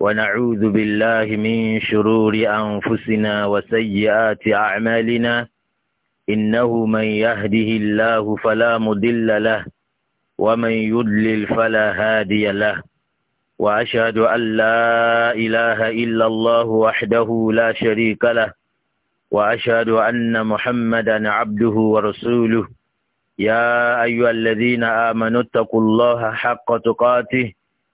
ونعوذ بالله من شرور أنفسنا وسيئات أعمالنا إنه من يهده الله فلا مضل له ومن يضلل فلا هادي له وأشهد أن لا إله إلا الله وحده لا شريك له وأشهد أن محمدا عبده ورسوله يا أيها الذين آمنوا اتقوا الله حق تقاته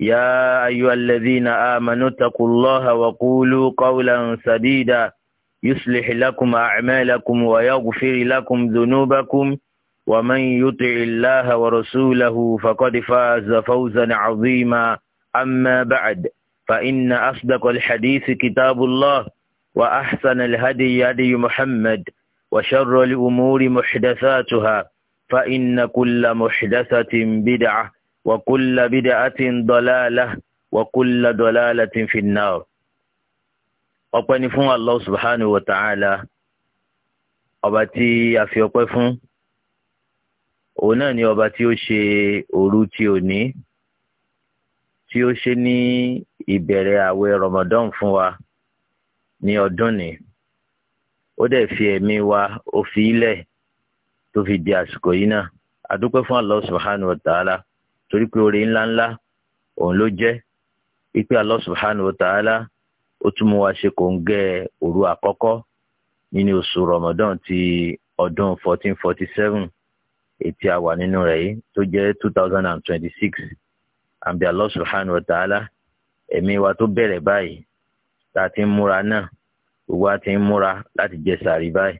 يا أيها الذين آمنوا اتقوا الله وقولوا قولا سديدا يصلح لكم أعمالكم ويغفر لكم ذنوبكم ومن يطع الله ورسوله فقد فاز فوزا عظيما أما بعد فإن أصدق الحديث كتاب الله وأحسن الهدي هدي محمد وشر الأمور محدثاتها فإن كل محدثة بدعة وكل بدعة ضلالة وكل ضلالة في النار ọpẹ́ ni fún allah subhanahu wa ta'ala ọba tí a fi ọpẹ́ fún òun náà ni ọba tí ó ṣe òru tí ò ní tí ó ṣe ní ìbẹ̀rẹ̀ àwẹ̀ ramadan fún wa ní ọdún ni ó dẹ̀ fi ẹ̀mí wa ó fi ilẹ̀ tó fi di àsìkò yìí náà a dúpẹ́ fún allah subhanahu wa ta'ala torí pé oore ńláńlá òun ló jẹ́ wípé Allah subhanahu ta'ala ó tún mú wa ṣe kòńgẹ́ òru àkọ́kọ́ nínú oṣù Ramadan ti ọdún fourteen forty seven ètí a wà nínú rẹ̀ yìí tó jẹ́ two thousand and twenty six àbí Allah subhanahu ta'ala ẹ̀mí wa tó bẹ̀rẹ̀ báyìí tá a ti ń múra náà gbogbo a ti ń múra láti jẹ sàrí báyìí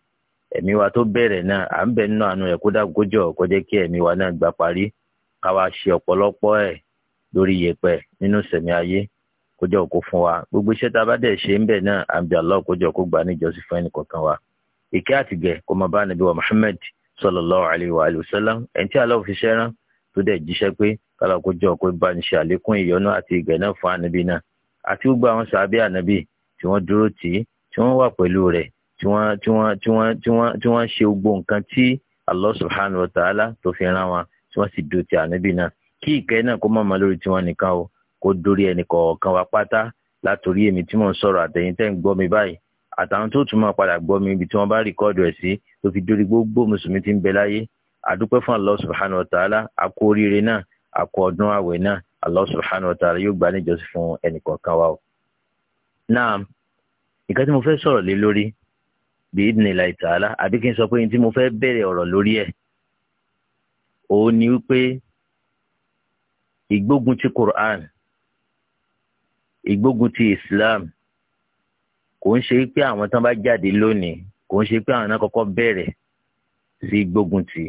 ẹ̀mí wa tó bẹ̀rẹ̀ náà à ń bẹ̀ nínú àánú rẹ̀ kódà kójọ kó kí ẹ̀mí wa náà gbà parí káwa ṣe ọ̀pọ̀lọpọ̀ ẹ̀ lórí yẹ̀pẹ̀ nínú sẹ̀mí ayé kójọ kó fún wa gbogbo iṣẹ́ tá a bá dẹ̀ ṣe ń bẹ̀ náà àbí Allah kójọ kó gbà níjọsìn fún ẹnì kọ̀ọ̀kan wa ìkẹ́ àtìgẹ̀ kó máa bá nàbí wa Muhammad sallallahu alayhi wa alihi wa sallam ẹni tí Allah fi ṣẹ́ rán tó dẹ̀ jíṣẹ́ pé kálọ̀ kójọ kó bá ní ṣe àlékún ìyọ́nú àti ìgẹ̀ náà fún ànábì náà àti gbogbo àwọn sàbí ànábì tí wọ́n dúró tì í tí wọ́n wà pẹ̀lú rẹ̀ tí wọ́n ṣe gbogbo nǹkan tí Allah subhanahu wa ta'ala tó fi rán wọn tí wọ́n sì dòtí ànábì náà kí ìkẹ́ náà kó má máa lórí tiwọn nìkan o kó dórí ẹnì kọ̀ọ̀kan wa pátá látòrí èmi tí mò ń sọ̀rọ̀ àtẹ̀yìn tẹ́ ń gbọ́ mi báyìí àtàwọn tó tún máa padà gbọ́ mi ibi tí wọ́n bá rìkọ́ọ̀dù ẹ̀ sí tó fi dórí gbogbo mùsùlùmí tí ń bẹ láyé àdúpẹ́ fún Allah subhanahu wa ta'ala àkó oríire náà àkó ọdún àwẹ̀ náà Allah subhanahu wa ta'ala yóò gbà níjọsìn fún ẹnì kọ̀ọ̀kan wa o. náà nǹkan tí mo fẹ́ sọ̀rọ̀ lé lórí bíi idnillahi ta'ala àbí kí n sọ pé ní tí mo fẹ́ bẹ̀rẹ̀ ọ̀rọ̀ lórí ẹ̀ òun ni wípé ìgbógun ti Qur'an ìgbógun ti Islam kò ń ṣe pé àwọn tán bá jáde lónìí kò ń ṣe pé àwọn náà kọ́kọ́ bẹ̀rẹ̀ sí gbógun tì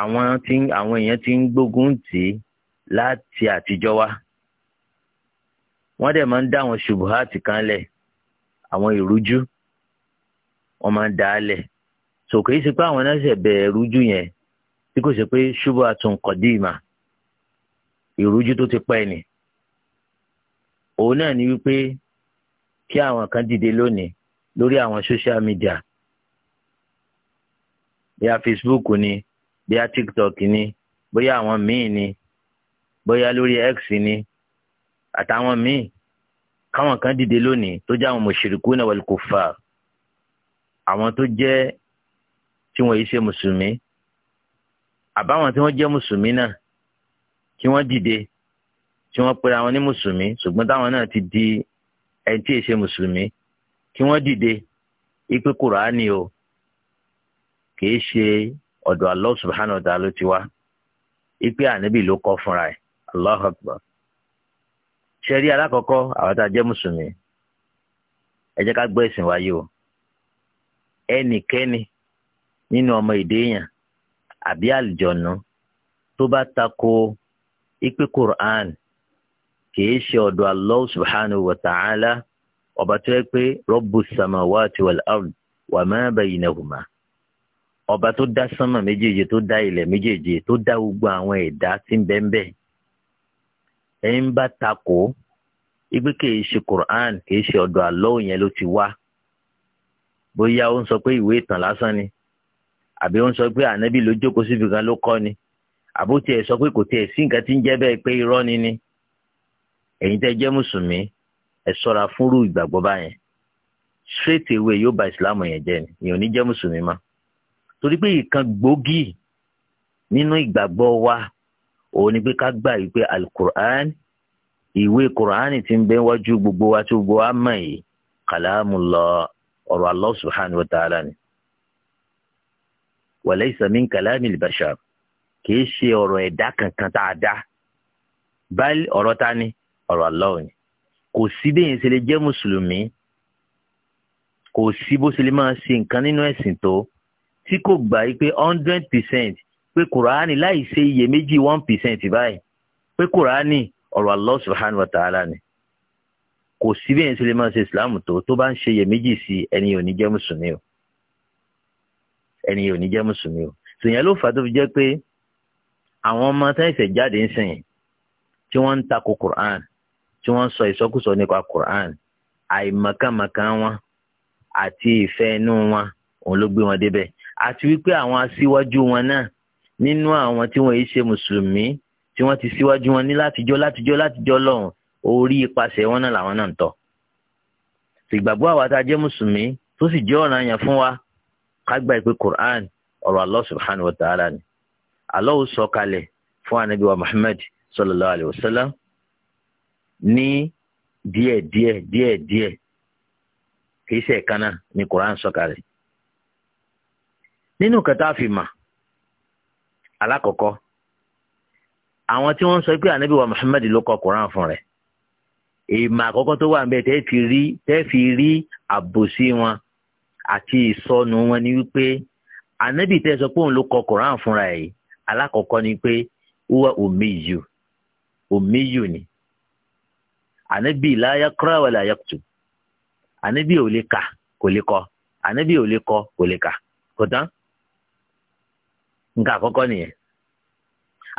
àwọn tí àwọn èèyàn ti ń gbógun tì láti àtijọ́ wá wọ́n dẹ̀ máa ń dá àwọn ṣubuhati kan lẹ̀ àwọn ìrújú wọ́n máa ń dá a lẹ̀ so kì í ṣe pé àwọn náà ṣe bẹ̀rẹ̀ rújú yẹn tí kò ṣe pé ṣubú àtúnkọ̀dìmà ìrújú tó ti pẹ́ ni òun náà ni wípé kí àwọn kan dìde lónìí lórí àwọn social media bóyá Facebook ni bóyá TikTok ni bóyá àwọn míì ni bóyá lórí X ni àtàwọn míì káwọn kan dìde lónìí tó jẹ́ àwọn mùṣírikùn náà wal kuffar àwọn tó jẹ́ tí wọ́n yìí ṣe mùsùlùmí àbáwọn tí wọ́n jẹ́ mùsùlùmí náà tí wọ́n dìde tí wọ́n pera wọn ní mùsùlùmí ṣùgbọ́n táwọn náà ti di ẹni tí èṣe mùsùlùmí kí wọ́n dìde ipe kùránì o kìí ṣe ọ̀dọ̀ Allah subhanahu wa ta'ala ló ti wá ipe ànábì ló kọ́ fúnra ẹ̀ Allahu akbar ṣẹ́rí alákọ̀ọ́kọ́ àwọn tá a jẹ́ mùsùlùmí ẹ jẹ́ ká gbọ́ ẹ̀sìn wáyé o ẹnikẹ́ni nínú ọmọ èdè èèyàn àbí àlùjọ̀nù tó bá tako ipe Qur'an kìí ṣe ọ̀dọ̀ Allah subhanahu wa ta'ala ọba tó yẹ pé Rabbus samawati wal ard wa ma baynahuma ọba tó dá sánmà méjèèje tó dá ilẹ̀ méjèèje tó dá gbogbo àwọn ẹ̀dá tí ń bẹ ń bá tako ipe kìí ṣe Qur'an kìí ṣe ọ̀dọ̀ Allah yẹn ló ti wá bóyá ó ń sọ pé ìwé ìtàn lásán ni àbí ó ń sọ pé ànábì ló jókòó síbi kan ló kọ́ ni àbó tiẹ̀ sọ pé kò tiẹ̀ sí nǹkan tí ń jẹ́ bẹ́ẹ̀ pé irọ́ ni ni ẹ̀yin tẹ́ jẹ́ mùsùlùmí ẹ sọ́ra fúnrú ìgbàgbọ́ báyẹn straight away yóò ba ìsìláàmù yẹn jẹ́ ni ìyẹn ò ní jẹ́ mùsùlùmí mọ́ torí pé ìkan gbòógì nínú ìgbàgbọ́ wa òun ni pé ká gbà yìí pé alukur'an ìwé kur'an ti ń bẹ wájú gbogbo wa tí gbogbo wa mọ̀ yìí kàlámù lọ ọ̀rọ̀ Allah subhanahu wa ta'ala ni wa laysa min kalamil bashar kìí ṣe ọ̀rọ̀ ẹ̀dá kankan tá a dá báyìí ọ̀rọ̀ ta ni ọ̀rọ̀ Allah ni kò sí bẹ́yìn ṣe lè jẹ́ mùsùlùmí kò sí bó ṣe lè máa ṣe nǹkan nínú ẹ̀sìn tó tí kò gbà yí pé hundred percent pé kùránì láì ṣe iyèméjì one percent báyìí pé kùránì ọ̀rọ̀ Allah wa ni kò sí bẹ́yìn ṣe lè máa ṣe ìsìlámù tó tó bá ń ṣe iyèméjì sí ẹni ò ní jẹ́ mùsùlùmí ẹni ò ní jẹ́ mùsùlùmí o sèyàn ló fà tó fi jẹ́ pé àwọn ọmọ sáyẹ̀nsì jáde ń sìn tí wọ́n ń takò Quran tí wọ́n ń sọ ìsọkúsọ nípa Quran àìmọ̀kànmọ̀kàn wọn àti ìfẹ́ inú wọn òun ló gbé wọn débẹ̀ àti wípé àwọn aṣíwájú wọn náà nínú àwọn tí wọ́n yìí ṣe mùsùlùmí tí wọ́n ti síwájú wọn ní látijọ́ látijọ́ látijọ́ lọ́hùn orí ipasẹ̀ wọn náà làwọn náà ń tọ̀ ìgbàgbọ́ àwa tá a jẹ́ mùsùlùmí tó sì jẹ́ ọ̀ranyàn fún wa kágbà pé Quran ọ̀rọ̀ Allah subhanahu wa ta'ala ni Allah sọ kalẹ̀ fún anabi wa Muhammad sallallahu alayhi wa sallam ní díẹ̀ díẹ̀ díẹ̀ díẹ̀ kì í ṣe ẹ̀ka náà ni Quran sọ kalẹ̀ nínú kẹta àfìmà alákọ̀ọ́kọ́ àwọn tí wọ́n sọ pé anabi wa ló kọ Quran fún rẹ̀ èèmà àkọ́kọ́ tó wà ń bẹ tẹ́ fi rí àbòsí wọn àti ìsọnù wọn ni wípé ànábì tẹ́ sọ pé òun ló kọ koran fúnra ẹ̀ alákọ̀ọ́kọ́ ni pé wúwa omiyu omiyu ni ànábì láyà kúrò wà láyà kùtù ànábì ò lè kà kò lè kọ ànábì ò lè kọ kò lè kà kò tán nǹkan àkọ́kọ́ nìyẹn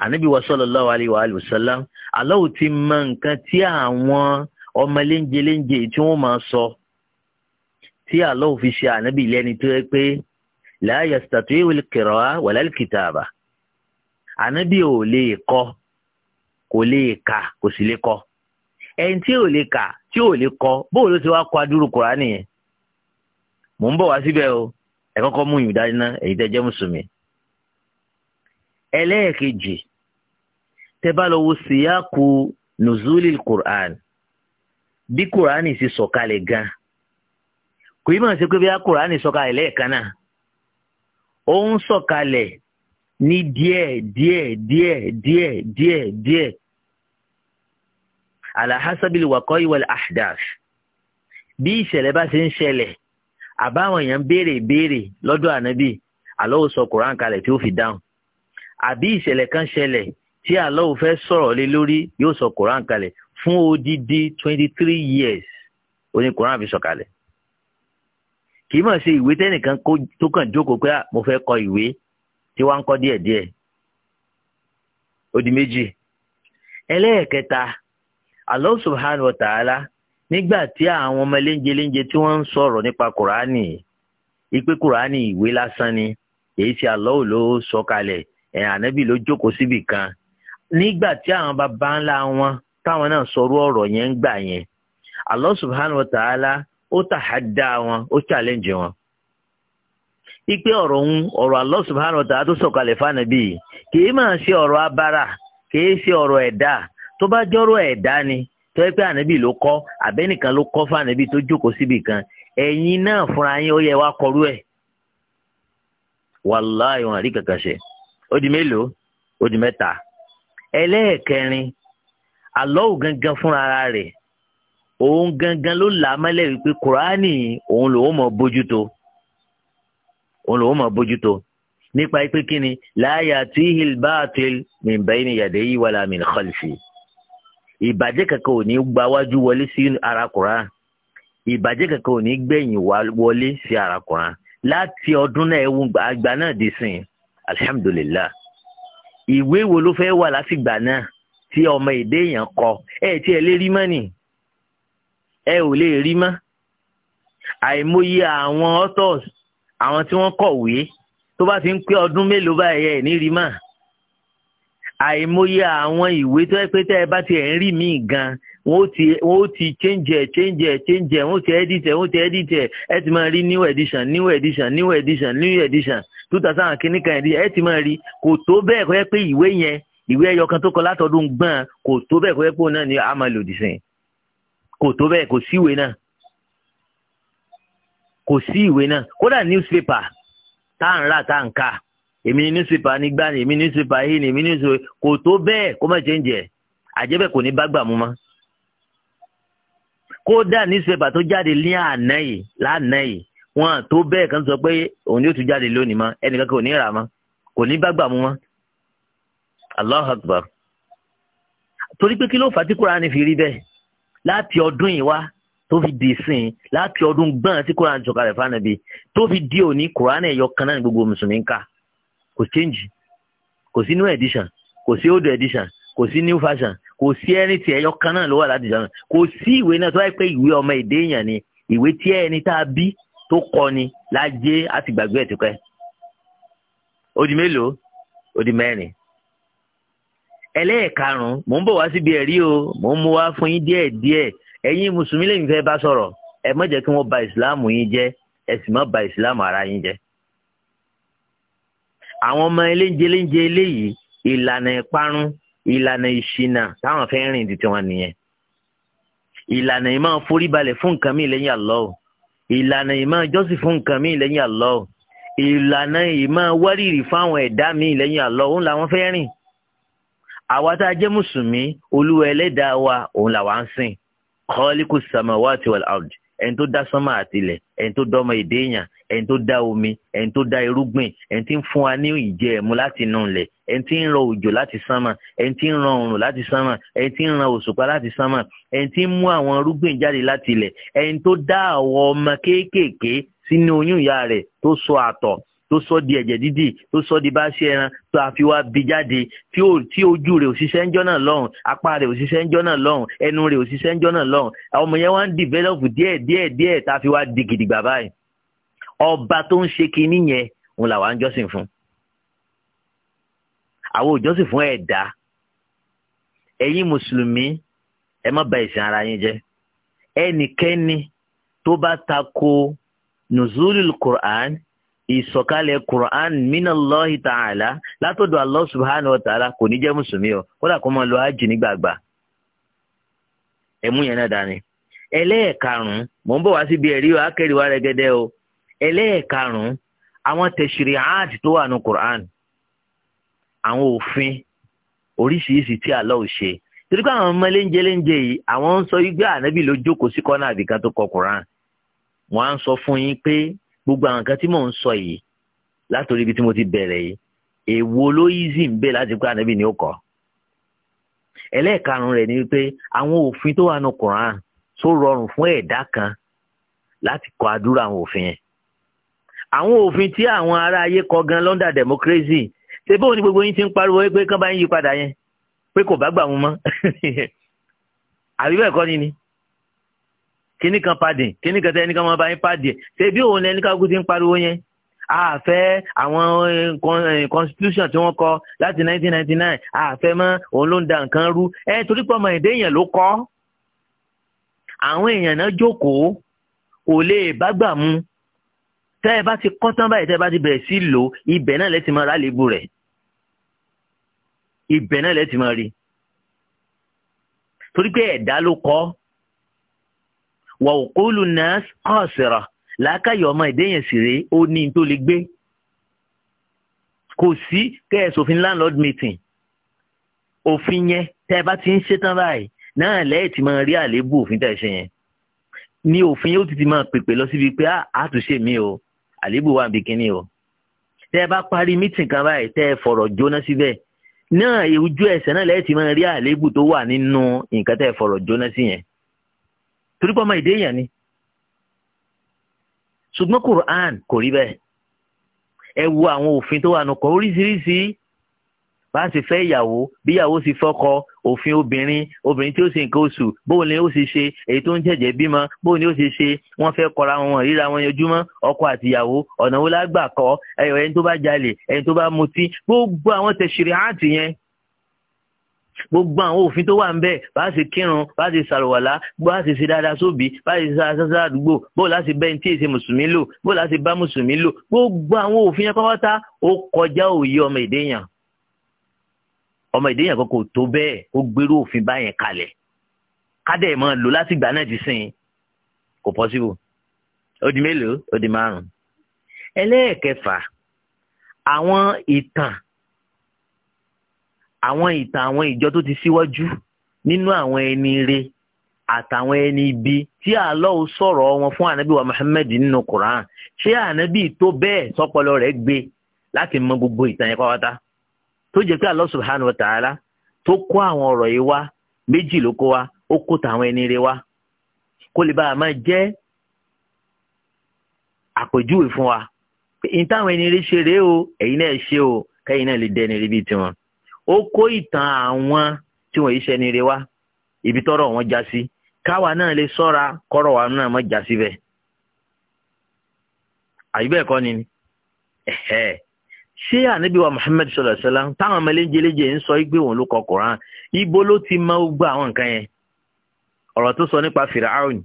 ànábì wa sallallahu alaihi wa alihi aláwo ti mọ nǹkan tí àwọn ọmọ léńjeléńje tí wọ́n máa sọ. So tí Allah fi ṣe ànábì lẹ́ni tó yẹ pé la yastati'u al-qira'a wala al-kitaba ànábì ò lè kọ kò lè kà kò sì lè kọ ẹni tí ò lè kà tí ò lè kọ bóòlù ló ti wá kọ adúrú Kùránì yẹn mò ń bọ̀ wá síbẹ̀ o ẹ kọ́kọ́ mú ìyùn dání ná èyí tẹ́ jẹ́ mùsùlùmí. ẹlẹ́ẹ̀kejì tẹ́ bá lọ wo síyáàkù nùzúlì Qur'an bí Qur'an sì sọ̀kalẹ̀ gan-an kò yí máa ṣe pé bí akùránì sọ̀kalẹ̀ lẹ́ẹ̀kan náà ó ń sọ̀kalẹ̀ ní díẹ̀ díẹ̀ díẹ̀ díẹ̀ díẹ̀ díẹ̀ alahasabili wakọ́ ìwọlẹ̀ ahdaf bí ìṣẹ̀lẹ̀ bá ṣe ń ṣẹlẹ̀ àbáwọn èèyàn béèrè béèrè lọ́dọ̀ ànábì àlọ́wọ́ sọ kùrán kalẹ̀ tí ó fi dáhùn àbí ìṣẹ̀lẹ̀ kan ṣẹlẹ̀ tí àlọ́wọ́ fẹ́ sọ̀rọ̀ lé lórí yóò sọ kùrán kalẹ̀ fún odidi twenty three years oní kùrán àfi sọ̀kalẹ̀ kì í mọ̀ sí ìwé tẹ́nìkan tó kàn jókòó pé ah, mo fẹ́ kọ ìwé tí wọ́n ń kọ́ díẹ̀díẹ̀ Odi méjì ẹlẹ́ẹ̀kẹta Allah subhanahu ta'ala nígbà tí àwọn ọmọ léńjeléńje tí wọ́n ń sọ̀rọ̀ nípa kùránì ìpè ni èyí tí ló sọ kalẹ̀ ànábì ló jókòó síbì kan nígbà tí àwọn ńlá wọn táwọn náà sọrú ọ̀rọ̀ yẹn ń gbà ó tàhádá wọn ó challenge wọn ipe ọ̀rọ̀ ń ọ̀rọ̀ Allah subhanahu tó sọ̀kalẹ̀ fánàbí kìí máa ṣe ọ̀rọ̀ abara kìí ṣe ọ̀rọ̀ ẹ̀dá tó bá jọ́rọ̀ ẹ̀dá ni tó yẹ pé ànábì ló kọ́ àbẹ́nìkan ló kọ́ tó jókòó síbì kan fúnra yín ó yẹ wá kọrú ẹ̀ àrí kankan ṣe mẹ́ta ẹlẹ́ẹ̀kẹrin òun gangan ló là á mọ́lẹ̀ wípé kùránì òun lòun mọ̀ bójútó òun lòun mọ̀ bójútó nípa pé kí ni láàyè tí hilbaatil min bayni yadayhi wala min khalfi ìbàjẹ́ kankan ò ní gba wájú wọlé sí ara kùránì ìbàjẹ́ kankan ò ní gbẹ̀yìn wọlé sí ara kùránì láti ọdún náà ewu àgbà náà di sìn alhamdulillah ìwé wo ló fẹ́ wà látìgbà náà tí ọmọ èdè èèyàn kọ ẹ̀ tí ẹ lè rí mọ́nì ẹ ò lè rí mọ́ àìmọye àwọn authors àwọn tí wọ́n kọ̀wé tó bá ti ń pé ọdún mélòó báyìí ẹ̀ ní rí mọ́ àìmọye àwọn ìwé tó yẹ pé tẹ́ ẹ bá ti ẹ̀ ń rí míì gan wọ́n ó ti wọ́n ó ti change ẹ̀ change ẹ̀ change ẹ̀ wọ́n ti edit ẹ̀ wọ́n ti edit ẹ̀ ẹ̀ ti máa rí new edition new edition new edition new edition two thousand and kìíní kan ẹ̀ ti máa rí kò tó bẹ́ẹ̀ kọ́ yẹ pé ìwé yẹn ìwé ẹyọ kan tó kọ látọdún gbọ́n kò tó bẹ́ẹ̀ kọ́ yẹ pé òun náà ni a máa lòdì sí i. kò tó bẹ́ẹ̀ kò sí ìwé náà kò sí ìwé náà kódà newspaper tá à ń rà tá à ń kà èmi ní newspaper nígbà ní èmi ní newspaper yìí ní èmi ní newspaper kò tó bẹ́ẹ̀ kó má jẹ́ ń jẹ́ àjẹ́bẹ̀ kò ní bá gbà mú mọ́ kódà newspaper tó jáde ní àná yìí lánàá yìí wọn tó bẹ́ẹ̀ kan sọ pé òun yóò tún jáde lónìí mọ́ ẹnìkan kò ní rà mọ́ kò ní bá gbà mú mọ́ Allahu Akbar torí pé kí ló fà á tí Kùránì fi rí bẹ́ẹ̀ láti ọdún yìí wá tó fi di sìn láti ọdún gbọ́n tí koran sọ̀kalẹ̀ fánàbí tó fi di òní koran ẹ̀yọ kan náà ní gbogbo mùsùlùmí ń kò change kò sí new edition kò sí old edition kò sí new fashion kò sí ẹni tí ẹ̀yọ kan náà ló wà láti ìjọba kò sí ìwé náà tó wáyé pé ìwé ọmọ èdè èèyàn ni ìwé tí ẹni tá a bí tó kọ ni lájẹ́ àti gbàgbé ẹ̀ tó kẹ́ ó mélòó ó mẹ́rin ẹlẹ́ẹ̀karùn-ún mò ń bọ̀ wá síbi ẹ̀rí o mò ń mú wá fún yín díẹ̀ díẹ̀ ẹ̀yin mùsùlùmí lèmi fẹ́ bá sọ̀rọ̀ ẹ má jẹ́ kí wọ́n ba ìsìláàmù yín jẹ́ ẹ sì má ba ìsìláàmù ara yín jẹ́. àwọn ọmọ eléńjẹ eléńjẹ eléyìí ìlànà ìparun ìlànà ìṣìnà táwọn fẹ́ rìn di tiwọn nìyẹn. ìlànà ìmọ̀ foríbalẹ̀ fún nǹkan mi lẹ́yìn Allah ìlànà ìmọ̀ jọ́sìn fún nǹkan mi lẹ́yìn Allah ìlànà ìmọ̀ wárìrì fáwọn ẹ̀dá mi lẹ́yìn Allah òun làwọn fẹ́ rìn àwa tá a jẹ́ mùsùlùmí olúwa ẹlẹ́dàá wa òun làwa ń sìn kọ́líkù samawati wal ard ẹni tó dá sánmà àtìlẹ̀ ẹni tó dọ́mọ èdè èèyàn ẹni tó dá omi ẹni tó dá irúgbìn ẹni tí ń fún wa ní ìjẹ ẹ̀mú láti inú ilẹ̀ ẹni tí ń rọ òjò láti sánmà ẹni tí ń ran oòrùn láti sánmà ẹni tí ń ran òṣùpá láti sánmà ẹni tí ń mú àwọn irúgbìn jáde láti ẹni tó dá àwọ̀ ọmọ kéékèèké sínú oyún ìyá rẹ̀ tó sọ àtọ̀ tó sọ di ẹ̀jẹ̀ dídì tó sọ di bá ṣe ẹran tó àfi wá bí jáde tí ojú rẹ̀ òṣìṣẹ́ ń jọ́nà lọ́hùn apá rẹ̀ òṣìṣẹ́ ń jọ́nà lọ́hùn ẹnu rẹ̀ òṣìṣẹ́ ń jọ́nà lọ́hùn àwọn ọmọ yẹn wá ń develop díẹ̀ díẹ̀ díẹ̀ tá a fi wá di gidigba báyìí ọba tó ń ṣe kinní yẹn òun làwa ń jọ́sìn fún àwọn òjọ́sìn fún ẹ̀dá ẹ̀yin mùsùlùmí ẹ má bà ìsìn ara yín jẹ́ ẹnikẹ́ni tó bá tako nùzúlù Qur'an ìsọ̀kalẹ̀ quran minallahi ta'ala látọ̀dọ̀ allah subhanahu wa ta'ala kò ní jẹ́ mùsùlùmí o kódà kó máa lọ hajj nígbàgbà ẹ̀mú yẹn náà dání. ẹlẹ́ẹ̀karùn-ún mò ń bọ̀ wá síbi ẹ̀rí o akẹ́rìwá o ẹlẹ́ẹ̀karùn-ún àwọn tẹ̀sírì áàtì tó wà ní quran àwọn òfin oríṣiríṣi tí allah ò ṣe torí pé àwọn ọmọ yìí àwọn ń sọ ànábì kọ quran á sọ fún gbogbo àwọn nǹkan tí mò ń sọ yìí látòrí ibi tí mo ti bẹ̀rẹ̀ yìí èwo ló easy ń bẹ láti pé ànábì ni ó kọ́ ẹlẹ́ẹ̀karùn-ún rẹ̀ ni pé àwọn òfin tó wà ní Quran tó rọrùn fún ẹ̀dá kan láti kọ àdúrà àwọn òfin yẹn àwọn òfin tí àwọn ará ayé kọ gan London democracy ṣe bóun ni gbogbo yín ti ń pariwo pé kán bá yín yí padà yẹn pé kò bá gbà wọn mọ́ àbí bẹ́ẹ̀ kọ́ ni ni kíní kan padì kíní kan tẹ ẹnì kan máa bá yín padì ṣé bí òun ẹnì kan kú ti ń pariwo yẹn àfẹ́ àwọn eh, eh, constitution tí wọ́n kọ láti 1999 àfẹ́ mọ́ òun ló ń da nǹkan rú ẹ torí pé ọmọ èdè èèyàn ló kọ àwọn èèyàn náà jókòó kò lè bá gbà mu tẹ́ ẹ bá ti kọ́ tán báyìí tẹ́ ẹ bá ti bẹ̀rẹ̀ sí lò ibẹ̀ náà lẹ́tì máa rálegbò rẹ̀ ibẹ̀ náà lẹ́tì máa rí torí pé ẹ̀dá ló kọ́ wà òkúlù náà kọ́ọ̀sìrà làákàyọ̀ ọmọ ìdẹ́yẹn sì rèé ó ní tó lè gbé kò sí kẹ́ẹ̀sòfin landlord meeting òfin yẹn tẹ́ ẹ bá ti ń ṣetán báyìí náà lẹ́yìn tí máa rí àléébù òfin tẹ̀ ṣe yẹn ni òfin yóò ti ti máa pèpè lọ síbi pé ah, àtúnṣe mi o àléébù wà bí kínní o tẹ́ ẹ bá parí meeting kan báyìí tẹ́ ẹ fọ̀rọ̀ jóná síbẹ̀ náà ojú ẹsẹ̀ náà lẹ́yìn tí máa rí àléébù tó wà nínú nǹkan tẹ́ ẹ fọ̀rọ̀ jóná sí yẹn torí pé ọmọ èdè èèyàn ni ṣùgbọ́n Quran kò rí bẹ́ẹ̀ ẹ wo àwọn òfin tó wà nù kọ́ oríṣiríṣi bá a sì fẹ́ ìyàwó bí ìyàwó sì fọ́kọ òfin obìnrin obìnrin tí ó ṣe nǹkan oṣù bóun ni ó ṣe ṣe èyí tó ń jẹ̀jẹ̀ bímọ bóun ni ó ṣe ṣe wọ́n fẹ́ kọra wọn ríra wọn yanjúmọ́ ọkọ àti ìyàwó ọ̀nà wo lágbà kọ́ ẹni tó bá jalè ẹni tó bá mutí gbogbo àwọn tẹ̀sírí yẹn gbogbo àwọn òfin tó wà ń bẹ bá a ṣe kírun bá a ṣe ṣàlùwàlá bá a ṣe ṣe dáadáa sóbì bá a ṣe ṣe aṣáṣá àdúgbò bóò láti bẹ ní tí èsè mùsùlùmí lò bóò láti bá mùsùlùmí lò gbogbo àwọn òfin yẹn pátápátá ó kọjá òye ọmọ èdè yàn ọmọ èdè kò tó bẹ́ẹ̀ ó gbérú òfin báyẹn kalẹ̀ kádẹ ẹ máa lò láti ìgbà náà ti sìn kò pọsibú ó mélòó ó di márùn ẹlẹ́ẹ̀kẹfà àwọn ìtàn àwọn ìtàn àwọn ìjọ tó ti síwájú nínú àwọn ẹni re àtàwọn ẹni ibi tí àlọ́ ò sọ̀rọ̀ wọn fún ànábì wa Muhammad nínú Quran ṣé ànábì tó bẹ́ẹ̀ sọ́pọlọ rẹ̀ gbé láti mọ gbogbo ìtàn yẹn pátá tó jẹ́ pé Allah subhanahu wa ta'ala tó kó àwọn ọ̀rọ̀ yìí wá méjì ló kó wá ó kó tàwọn ẹni re wá kó lè bá a máa jẹ́ àpèjúwe fún wa pé ìtàwọn ẹni re ṣe rèé o ẹ̀yin náà ṣe o kẹ́yin náà lè dẹ́ni rí tiwọn. ó kó ìtàn àwọn tí wọn yìí ṣẹni re wá ibi tọrọ wọn já sí káwa náà lè sọra kọrọ wa náà má já síbẹ̀ àyè bẹ́ẹ̀ kọ́ ni ẹ̀hẹ́ ṣé ànábì wa Muhammad sallallahu alaihi wasallam táwọn ọmọ eléjèléjè ń sọ pé òun ló kọ Quran ibo ló ti máa gbọ́ àwọn nǹkan yẹn ọrọ tó sọ nípa Fir'aun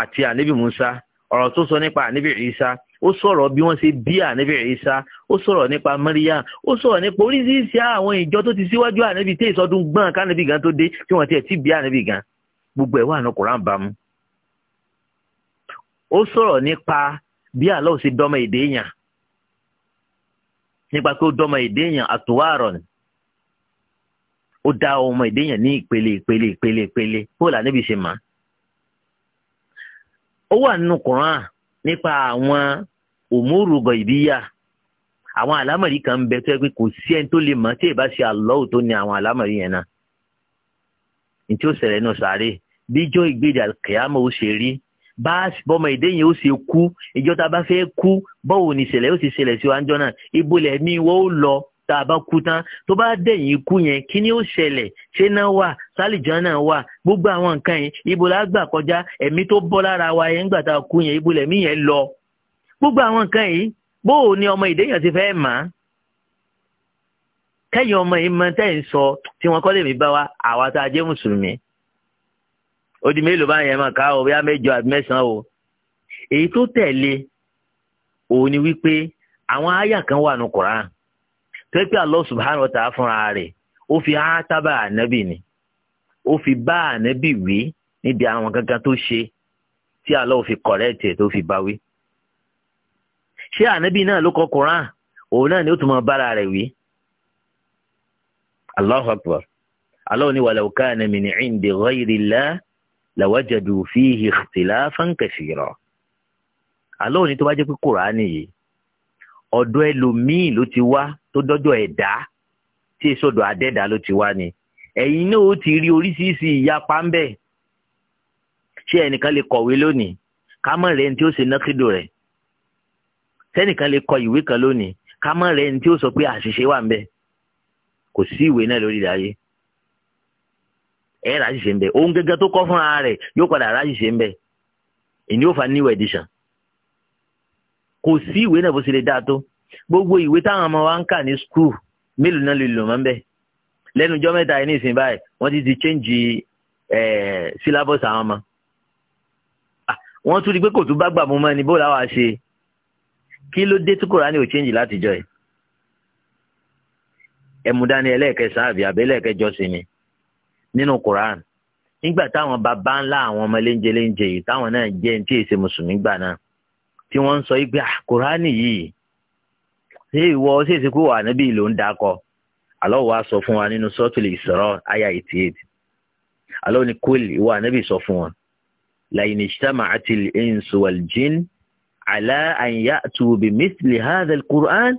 àti ànábì Musa ọ̀rọ̀ tó sọ nípa ànábì Isa ó sọ̀rọ̀ bí wọ́n ṣe bí ànábì Ìsá ó sọ̀rọ̀ nípa Maryam ó sọ̀rọ̀ nípa oríṣiríṣi àwọn ìjọ tó ti síwájú ànábì tí ìsọdún gbọ́n kánábì gan tó dé tí wọ́n tiẹ̀ ti bí ànábì gan gbogbo ẹ̀ wà ní Kùrán bámu. ó sọ̀rọ̀ nípa bí Allah ṣe dọ́mọ èdè èèyàn nípa pé ó dọ́mọ èdè èèyàn àtúwárọ̀ ni ó dá ọmọ èdè èèyàn ní ìpele ìpele ìpele ìpele bó là níbi ṣe mọ̀ ó wà nínú Kùrán nípa àwọn òmùrù gọ̀ìbíyà àwọn àlámọ̀rí kan bẹ tó yẹ pé kò sí ẹni tó lè mọ̀ tí ìbá ṣe àlọ́wù tó ní àwọn àlámọ̀rí yẹn náà ní tí ó ṣẹlẹ̀ nù sáré bíjọ́ ìgbéjà kìámọ̀ ó ṣe rí bá bọ́mọ èdè yẹn ó ṣe kú ìjọ tá a bá fẹ́ kú bọ́wọ́ ní ìṣẹ̀lẹ̀ ó sì ṣẹlẹ̀ sí wa ń jọ náà ìbolẹ̀ mi wọ́n ó lọ tá a bá kú tán tó bá dẹ̀yìn ikú yẹn kí ni ó ṣẹlẹ̀ ṣé náà wà sálìjọ́ náà wà gbogbo àwọn nǹkan yẹn ibo la gbà kọjá ẹ̀mí tó bọ́ lára wa yẹn ńgbà tá a kú yẹn ibo lẹ̀mí yẹn lọ gbogbo àwọn nǹkan yìí bó o ní ọmọ ìdéyàn ti fẹ́ mà á kẹ́yìn ọmọ yìí mọ tẹ́ ń sọ tí wọ́n kọ́ lè mí bá wa àwa tá a jẹ́ mùsùlùmí ó di mélòó bá yẹn mà ká o bóyá mẹ́jọ àbí mẹ́sàn-án o èyí tó tẹ̀lé òun ni wípé àwọn àyà kan wà ní Qur'an tó pé Allah subhanahu wa ta'ala fúnra rẹ̀ ó fi átábà ànábì ni ó fi bá ànábì wí níbi àwọn kankan tó ṣe tí Allah fi kọ̀rẹ́ẹ̀tì tó fi bá wí ṣé ànábì náà ló kọ koran òun náà ni ó tún máa bára rẹ̀ wí. Allahu akbar Allah ni walaw kana min indi ghayri Allah lawajadu fihi ikhtilafan kathira Allah ni tó bá jẹ́ pé koran yìí ọ̀dọ̀ ẹlòmíì ló ti wá tó dọ́dọ̀ ẹ̀dá tí èso ọ̀dọ̀ adẹ́dá ló ti wá ni ẹ̀yin náà ó ti rí oríṣiríṣi ìyapa ń bẹ ṣé ẹnìkan lè kọ̀wé lónìí ká mọ̀ rẹ̀ ní tí ó ṣe nákìdò rẹ̀ sẹ́nìkan lè kọ ìwé kan lónìí ká mọ̀ rẹ̀ ní tí ó sọ pé àṣìṣe wà ń bẹ̀ kò sí ìwé náà lórí ìdáyé ẹ̀ ráṣìṣe ń bẹ̀ ohun gẹ́gẹ́ tó kọ́ fúnra rẹ̀ yóò padà ráṣìṣe ń bẹ̀ èyí ó fa new edition kò sí ìwé náà bó ṣe lè dáa tó gbogbo ìwé táwọn ọmọ wa ń kà ní skul mélòó náà lè lò mọ́ bẹ́ẹ̀ lẹ́nu ọjọ́ mẹ́ta yìí ìsìn báyìí wọ́n ti ti change syllabus àwọn ọmọ ah, wọ́n tún rí i pé kò tún bá gbà mọ́ ni bó làwọn á kí ló dé tí kòránì ò change látijọ́ ẹ̀ ẹ̀mú dání àbí abẹ́lẹ́ẹ̀kẹjọ sí mi nínú koran nígbà táwọn baba ńlá àwọn ọmọ léńjẹ léńjẹ yìí táwọn náà jẹ́ ní tí èsè mùsùlùmí gbà náà tí wọ́n ń sọ yìí pé ah, koran yìí ṣé ìwọ ṣé èsè pé wà níbí ló ń dakọ Allah wa sọ fún wa nínú sọ́tùlì ìsọ̀rọ̀ àyà eighty eight Allah ni kúlì ìwọ ànábì sọ fún wọn làyìn ìṣítàmà àti ìṣòwàlì jíìnì àlá àyà tu bí mísìlì hàdà kùrán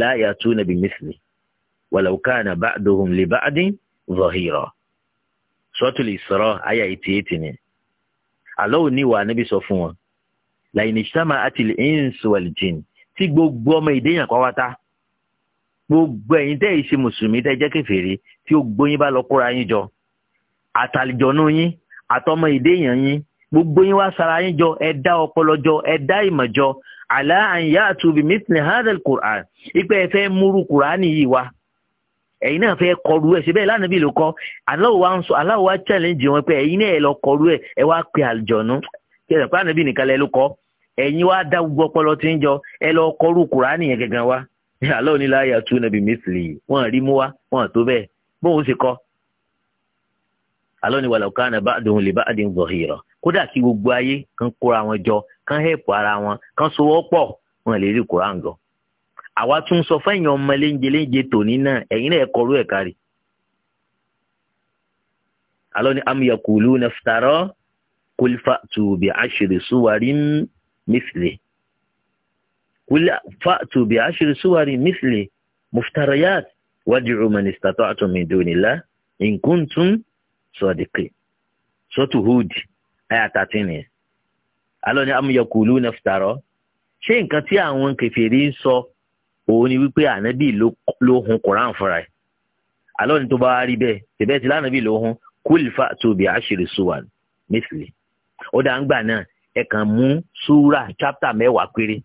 láyà tu nàbí mísìlì wàlàukánà bá dohun lè bá dín zọhìrọ. sọ́tùlì sọ̀rọ̀ àyà ètì ètì ni àlọ́ òní wà níbi sọ fún wọn làyìn ìṣàmà àti ìǹsùwàlìjìn tí gbogbo ọmọ ìdéyàn pàwátá gbogbo ẹ̀yin tẹ́ ìṣe mùsùlùmí tẹ́ jẹ́ kèfèrí tí ó gbóyin bá lọ kóra yín jọ àtàlìjọ́nú yín àtọmọ ìdéyàn yín gbogbo yín wá sara yín jọ ẹ dá ọpọlọ jọ ẹ dá ìmọ̀ jọ àlá àyà àtúbí mithli hadal quran ipe ẹ fẹ́ múru quran yìí wá ẹ̀yin náà fẹ́ kọrú ẹ̀ síbẹ̀ lánàá bí ló kọ́ aláwọ̀ wa ń sọ aláwọ̀ wa challenge wọn pé ẹ̀yin náà ẹ lọ kọrú ẹ̀ ẹ wá pe àjọ̀nú kí ẹ̀ pàánù bí nìkan lẹ kọ́ ẹ̀yin wá dá gbogbo ọpọlọ tí ń jọ ẹ lọ kọrú quran yẹn gangan wá aláwọ̀ nílá ayà tún nàbí mithli wọn rí mú wá wọn tó bẹ́ẹ̀ bóun sì kọ́ aláwọ̀ ni wàlàkánà ba'duhum li ba'din zahira kódà kí gbogbo ayé kan kóra wọn jọ kan hẹ́pù ara wọn kan sowọ́ pọ̀ wọn lè rí koran gan àwa tún sọ fẹ́yìn ọmọ léńjẹ léńjẹ tòní náà ẹ̀yin náà kọrú ẹ̀ kárí alọ́ ni am yakuluna iftara qul fa'tu bi ashri suwarin mithli qul fa'tu bi ashri suwarin mithli muftariyat wad'u man istata'tum min dunillah àyà tàtí nìyẹn alọ́ ni amúyẹkùlù nẹ́fùtàrọ́ ṣé nǹkan tí àwọn kèfèrí ń sọ òun ni wípé ànábì ló hun koran fúnra ẹ̀ tó bá rí bẹ́ẹ̀ tẹ̀bẹ́ ti lánàbì ló hun kúlìfà tóbi àṣírí suwan mísìlì ó dá ń gbà náà ẹ kàn mú Súra chapter mẹ́wàá péré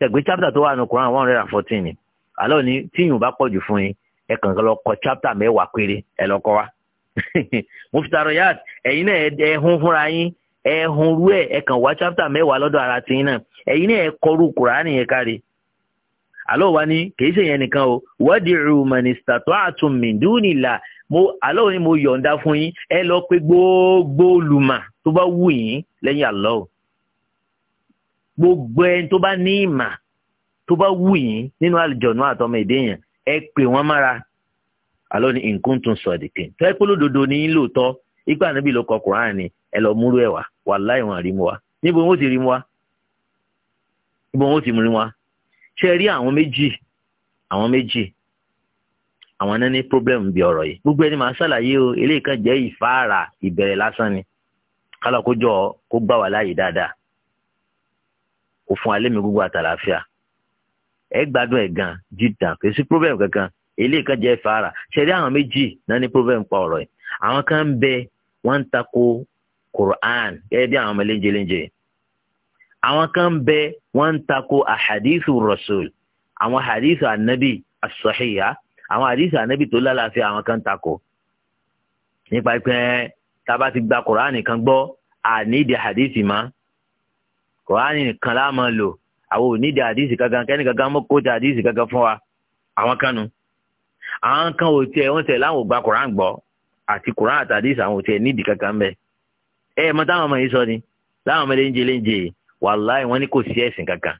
tẹ̀gbé chapter tó wà ní koran one hundred and fourteen ni alọ́ ni fún yín ẹ kàn lọ kọ chapter wa mufitariyat ẹ̀yin náà ẹ ẹ hun rú ẹ ẹ kàn wá chapter mẹ́wàá lọ́dọ̀ ara tìyín náà ẹ̀yin náà ẹ kọrú kùránì yẹn kárí àlọ́ wa ni kì í ṣe nìkan o wadi'u man istata'tum min mo àlọ́ ni mo yọ̀ǹda fún yín ẹ lọ pé gbogbo olùmọ̀ tó bá wù yín lẹ́yìn àlọ́ gbogbo ẹni tó bá ní tó bá wù yín nínú àtọmọ èdè yẹn ẹ pè wọ́n mára àlọ́ ni ẹ lọ múrú ẹ̀ wá wàláhì wọn àrímú wa níbo wọn ó ti rímú wa níbo wọn ó ti mú wa ṣe rí àwọn méjì àwọn méjì àwọn náà ní problem bí ọ̀rọ̀ yìí gbogbo ẹni màá ṣàlàyé o eléyìí kan jẹ́ ìfáàrà ìbẹ̀rẹ̀ lásán ni kálọ̀ kó jọ kó gbà wá láàyè dáadáa kò fún alẹ́ mi gbogbo àtàlàáfíà ẹ gbádùn ẹ̀ gan jíjàn kò sí problem kankan eléyìí kan jẹ́ ìfáàrà ṣe rí àwọn méjì náà ní problem pa ọ̀rọ̀ yìí àwọn kan ń bẹ wọ́n ń tako Quran gẹ́gẹ́ bí àwọn ọmọ léńjeléńje àwọn kan ń bẹ wọ́n ń tako ahadithu rasul àwọn ahadithu anabi as-sahiha àwọn ahadithu anabi tó lálàáfíà àwọn kan ń tako nípa pé tába ti gba Quran kan gbọ́ àníìdí ahadithi mọ́ Quran nìkan la máa lò àwọn ò nídìí àdìsí kankan kẹ́ni kankan mọ́ kó ti àdìsí kankan fún wa àwọn kan nu àwọn kan ò tiẹ̀ wọ́n tiẹ̀ láwọn ò gba Quran gbọ́ àti Quran àti àdìsí àwọn ò tiẹ̀ nídìí kankan bẹ́ẹ̀ ẹ ma mọ táwọn ọmọ yìí sọ ni taa ọmọ léńjẹ léńjẹ yìí wàláì wọ́n ni kò sí ẹ̀sìn kankan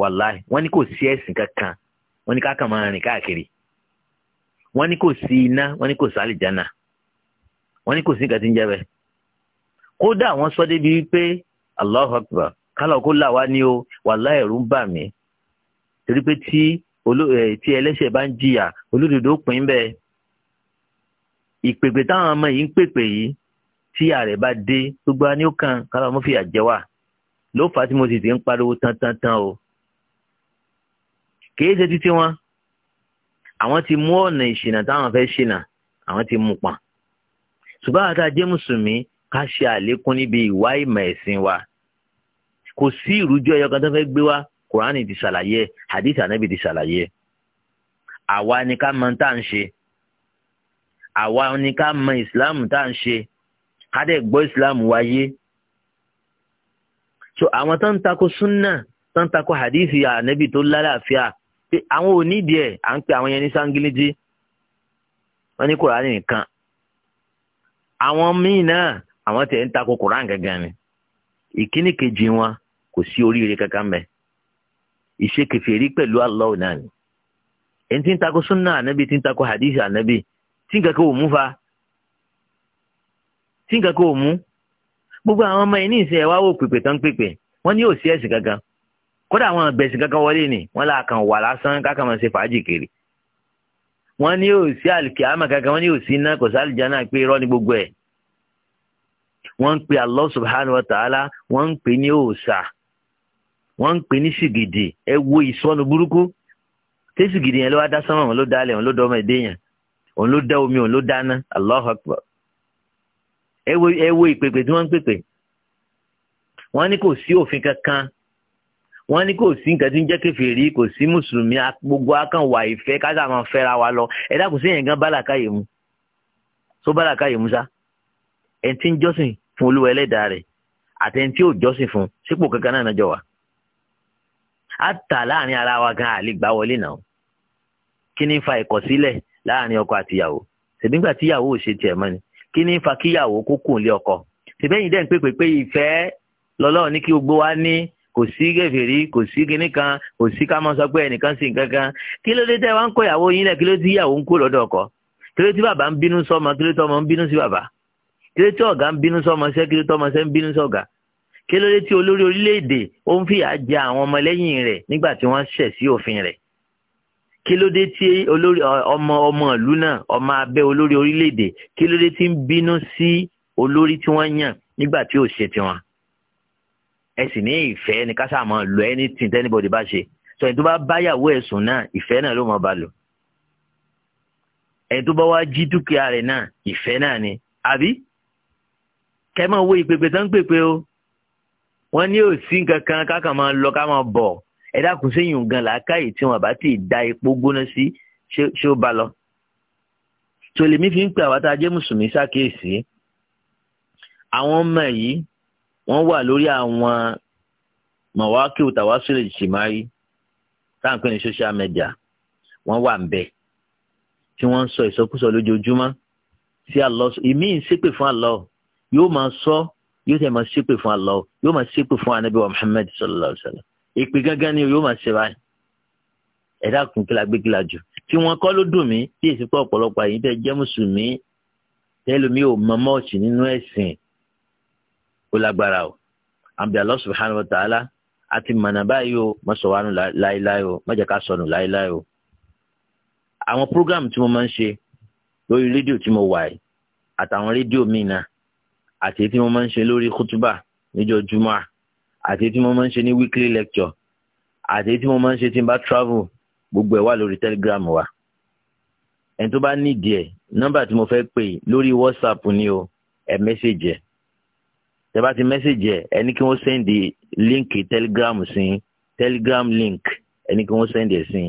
wàláì wọ́n ni kò sí ẹ̀sìn kankan wọ́n ní káàkàn máa rìn káàkiri wọ́n kò sí iná wọ́n kò sí àlìjánà wọ́n kò sí nǹkan ń jẹ́ bẹ́ẹ̀ kódà wọn sọ débi wípé kó là wá ní o wàláì ẹ̀rù ń bà mí torí pé tí eh, ti bá ń jìyà olódodo pín bẹ́ẹ̀ tí ààrẹ bá dé gbogbo wa ní ó kàn kára mo fìyà jẹ wá ló fà á tí mo sì ti ń pariwo tán tán tán o kìí ṣe títí wọn àwọn ti mú ọ̀nà ìṣìnà táwọn fẹ́ ṣìnà àwọn ti mú pọ̀n ṣùgbọ́n àti ajé mùsùlùmí ká ṣe àlékún níbi ìwà ìmọ̀ ẹ̀sìn wa kò sí ìrújú ẹyọ kan tó fẹ́ gbé wá kùránì ti ṣàlàyé hadith anabi ti ṣàlàyé àwa ni ká mọ tá à ń ṣe àwa ni ká mọ ìsìláàmù tá à ń ṣe kádẹ gbọ́ islam wáyé so àwọn tó ń takò sunna tó ń takò hadith ànábì tó lálàáfíà pé àwọn ò nídìí ẹ̀ à ń pe àwọn yẹn ní sangiliti wọ́n ní kùránì nìkan àwọn míì náà àwọn tẹ̀ ń takò kùránì gangan ni ìkíní kejì wọn kò sí oríire kankan mẹ́ ìṣe kèfèrí pẹ̀lú Allah náà ni ẹni tí ń takò sunna ànábì tí ń takò hadith ànábì tí nǹkan kan mú fa tí nǹkan kò mú gbogbo àwọn ọmọ yìí ní ìsìn ẹ̀wá wò pèpè tán pèpè wọ́n ní òsì ẹ̀sìn kankan kódà àwọn àgbẹ̀sìn kankan wọlé ni wọ́n là kàn wà lásán kákan máa ṣe fàájì kiri wọ́n ní òsì àlùkìyámà kankan wọ́n ní òsì iná kò sí àlùjánnà pé irọ́ ní gbogbo ẹ̀ wọ́n ń pe Allah subhanahu wa ta'ala wọ́n ń pe ní òòṣà wọ́n ń pe ní sìgìdì ẹ wo ìsọnù burúkú tí sìgìdì yẹn ló wá dá sánmọ̀ òun ló dá alẹ̀ òun ló dá ọmọ ẹ̀dẹ́ yẹn òun ló dá omi òun ló dáná Allahu akbar ẹ wo ẹ wo ìpèpè tí wọ́n ń pèpè wọ́n ní kò sí òfin kankan wọ́n ní kò sí nǹkan tí ń jẹ́ kèfèrí kò sí mùsùlùmí gbogbo akàn wà ìfẹ́ káṣá máa fẹ́ra wa lọ ẹ dákun sí yẹn gan bálàkàyè mu tó bálàkàyè mu sá ẹ ti ń jọ́sìn fún olúwa ẹlẹ́dàá rẹ̀ àti ẹni tí ò jọ́sìn fún sípò kankan náà nàjọ wa á tà láàrin ara wa gan àlè gbá wọlé náà kí ni fa ìkọ̀sílẹ̀ láàrin ọkọ àtìyàwó ṣèbí nígbà tíyàwó ò ṣe tiẹ̀ mọ́ kí ní fa kíyàwó kó kù lé ọkọ tìbẹ́yìn dẹ́n pé pé ìfẹ́ lọ́lọ́run ní kí gbogbo wa ní kò sí gèfèrí kò sí kinní kan kò sí ká máa sọ pé ẹnìkan sí nǹkan kan kí ló dé tẹ́ wá ń kó ìyàwó yín lẹ̀ kí ló dé ìyàwó ń kó lọ́dọ̀ ọkọ kí ló dé bàbá ń bínú sọ́mọ kí ló tọ́mọ ń bínú sí bàbá kí ló tí ọ̀gá ń bínú sọ́mọ sẹ́ kí ló tọ́mọ sẹ́ ń bínú sọ́gá kí ló dé tí olórí orílẹ̀-èdè ó ń fìyà jẹ àwọn ọmọlẹ́yìn rẹ̀ nígbà tí wọ́n ṣẹ̀ sí òfin rẹ̀ kí ló dé tí olórí ọmọ ọmọ ìlú náà ọmọ abẹ́ olórí orílẹ̀-èdè kí ló dé tí ń bínú sí olórí tí wọ́n yàn nígbà tí ò ṣe tiwọn ẹ sì ní ìfẹ́ ni ká sáà máa lọ anything tẹ́nibọ̀dì bá ṣe sọ ẹni tó bá báyàwó ẹ̀sùn náà ìfẹ́ náà ló máa bá lò ẹni tó bá wá jí dúkìá rẹ̀ náà ìfẹ́ náà ni àbí kẹ́ máa wo ìpèpè tán ń pèpè o wọ́n ní ò sí nǹkan kan lọ ká ẹ dákun séyìn gan làákàyè tí wọn bá ti da epo gbóná sí ṣé ó bá lọ. tòlèmí fi ń pè àwọn àtàjẹ́ mùsùlùmí ṣàkíyèsí àwọn ọmọ yìí wọ́n wà lórí àwọn mọ̀wákì tàwásílẹ̀ ìṣìmáyí táǹpẹ́ ní social media wọ́n wà ń bẹ̀ tí wọ́n ń sọ ìsọkúsọ lójoojúmọ́ sí Allah ìmí ń ṣépè fún Allah yóò máa sọ yóò tẹ̀ máa ṣépè fún Allah yóò máa ṣépè fún anabi wa Muhammad sallallahu alayhi wa sallam èpè gángan ni yóò máa ṣe báyìí ẹ̀dá kùn kí la gbé kí la jù tí wọn kọ́ ló dùn mí tí èsì pọ̀ ọ̀pọ̀lọpọ̀ àyìn tẹ́ jẹ́ mùsùlùmí tẹ́lómi ò mọ mọ́ọ̀sì nínú ẹ̀sìn ó lágbára o àbí Allah subhanahu wa ta'ala àti mọ̀nà báyìí o má sọ wánu láéláé o má jẹ́ ká sọnù láéláé o. àwọn program tí mo máa ń ṣe lórí rédíò tí mo wà yìí àtàwọn rédíò míì náà àti èyí tí mo máa ń ṣe lórí kútúbà níjọ́ jùmọ̀ àti tí mo máa ń ṣe ní weekly lecture àti tí mo máa ń ṣe tí n bá travel gbogbo ẹ̀ wà lórí telegram wa ẹni tó bá nídìí ẹ̀ nọ́mbà tí mo fẹ́ pè lórí whatsapp ni o ẹ̀ mẹ́sẹ̀jì ẹ̀ tẹ́ bá ti mẹ́sẹ̀jì ẹ̀ ẹ ní kí wọ́n sẹ́ndì líǹkì telegram sí telegram link ẹ ní kí wọ́n sẹ́ndì ẹ̀ sí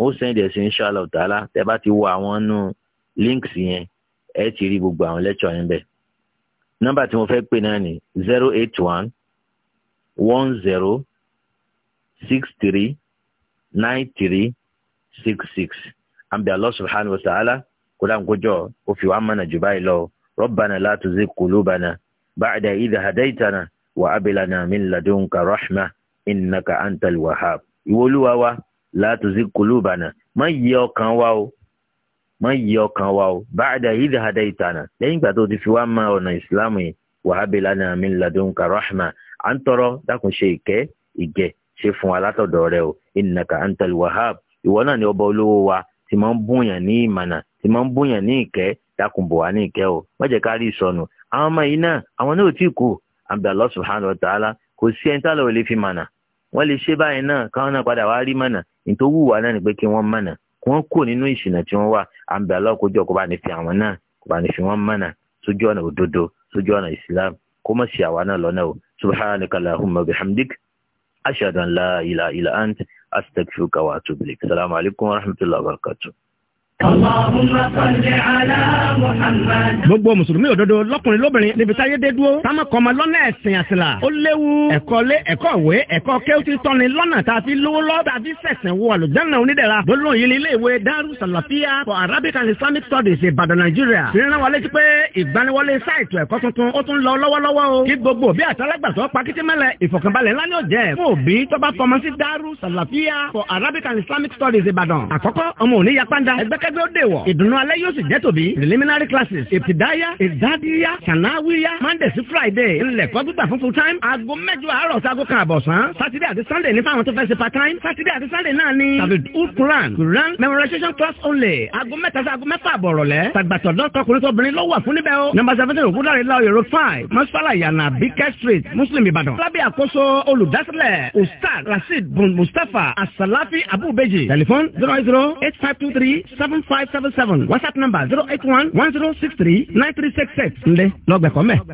wọ́n sẹ́ndì ẹ̀ sí inshallah ta'ala tẹ́ bá ti wọ àwọn nú links yẹn ẹ ti rí gbogbo àwọn lecture yẹn bẹ́ẹ̀ nọ́mbà tí mo fẹ́ pè náà ni zero eight one one zero six three nine three six six àbí Allah subhanahu wa ta'ala kó dáhùn kó jọ ó fi wàá mọ̀nà jù báyìí lọ rabbana la tuzigh qulubana ba'da idh hadaytana wa hab lana min ladunka rahma innaka antal wahhab ìwọ Olúwa wa la tuzigh qulubana má yí ọkàn wa o má yí ọkàn wa o ba'da idh hadaytana lẹ́yìn ìgbà tó ti fi wàá mọ ọ̀nà ìsìlámù yìí wa hab lana min ladunka rahma à ń tọrọ dákun ṣe ìkẹ́ ìgẹ̀ ṣe fún wa látọ̀dọ̀ rẹ o innaka antal wahab ìwọ náà ni ọba olówó wa tí máa ń bùyàn ní ìmọ̀nà tí máa ń bùyàn ní ìkẹ́ dákun bò wá ní ìkẹ́ o má jẹ́ ká rí ìsọnù àwọn ọmọ yìí náà àwọn náà ò tí kú àbí Allah subhanahu wa ta'ala kò sí ẹni tálọ̀ ò lè fi mọ̀nà wọ́n lè ṣe báyìí náà káwọn náà padà wá rí mọ̀nà nítorí wù wá náà ni pé kí wọ́n mọ̀nà kí wọ́n kó nínú ìṣìnà tí wọ́n wà àbí Allah kó jọ kó bá ní fi àwọn náà kó bá ní fi wọ́n mọ̀nà sójú ọ̀nà òdodo sójú ọ̀nà ìsìlám kó mọ̀ sí àwa náà lọ́nà o سبحانك اللهم بحمدك أشهد أن لا إله إلا أنت أستغفرك وأتوب إليك السلام عليكم ورحمة الله وبركاته gbogbo mùsùlùmí òdodo lọkùnrin lóbìnrin níbi táyé dé dúró táwọn ọmọkọ ọmọ lọ́nà ẹ̀sìn àṣìlá ó léwu ẹ̀kọ́ lé ẹ̀kọ́ ìwé ẹ̀kọ́ kéwùtì tọ́ni lọ́nà tá a fi lówó lọ́ọ́ tàbí sẹ̀sìn wo àlùjáná onídẹ̀ra gbólóhùn yìí ní ilé ìwé Daru Salafia for Arabic and Islamic Studies Ìbàdàn Nàìjíríà ìrìnà wa létí pé ìgbaniwọlé sáìtì ẹ̀kọ́ tuntun ó tún lọ lọ́wọ́lọ́wọ́ o kí gbogbo bí àtàlágbàsọ pakitimẹ́lẹ̀ ìfọ̀kànbalẹ̀ ńlá ni ó jẹ́ fún òbí tó Daru Salafia for Arabic and Islamic Studies Ìbàdàn àkọ́kọ́ ọmọ òní yapanda ló dé wọ̀. ìdùnnú alẹ́ yóò sì jẹ́ tòbí preliminary classes ìtìdáyà ìdádíyà sànáwíyà monday sí friday ńlẹ̀kọ́ gbígbà fún full time aago mẹ́jọ àárọ̀ sago kan àbọ̀sán saturday àti sunday ní fáwọn tó fẹ́ ṣe part time saturday àti sunday náà ni david hood quran memorization class only aago mẹ́ta sí aago mẹ́fà àbọ̀rọ̀ lẹ́ tàgbàtọ̀dọ́ tọkùnrin tóbìnrin ló wà fún níbẹ̀ o number seventeen ògúndàrí 7577 whatsapp number 081 1063 9366 back lọ́gbẹ̀kọ́ mẹ́.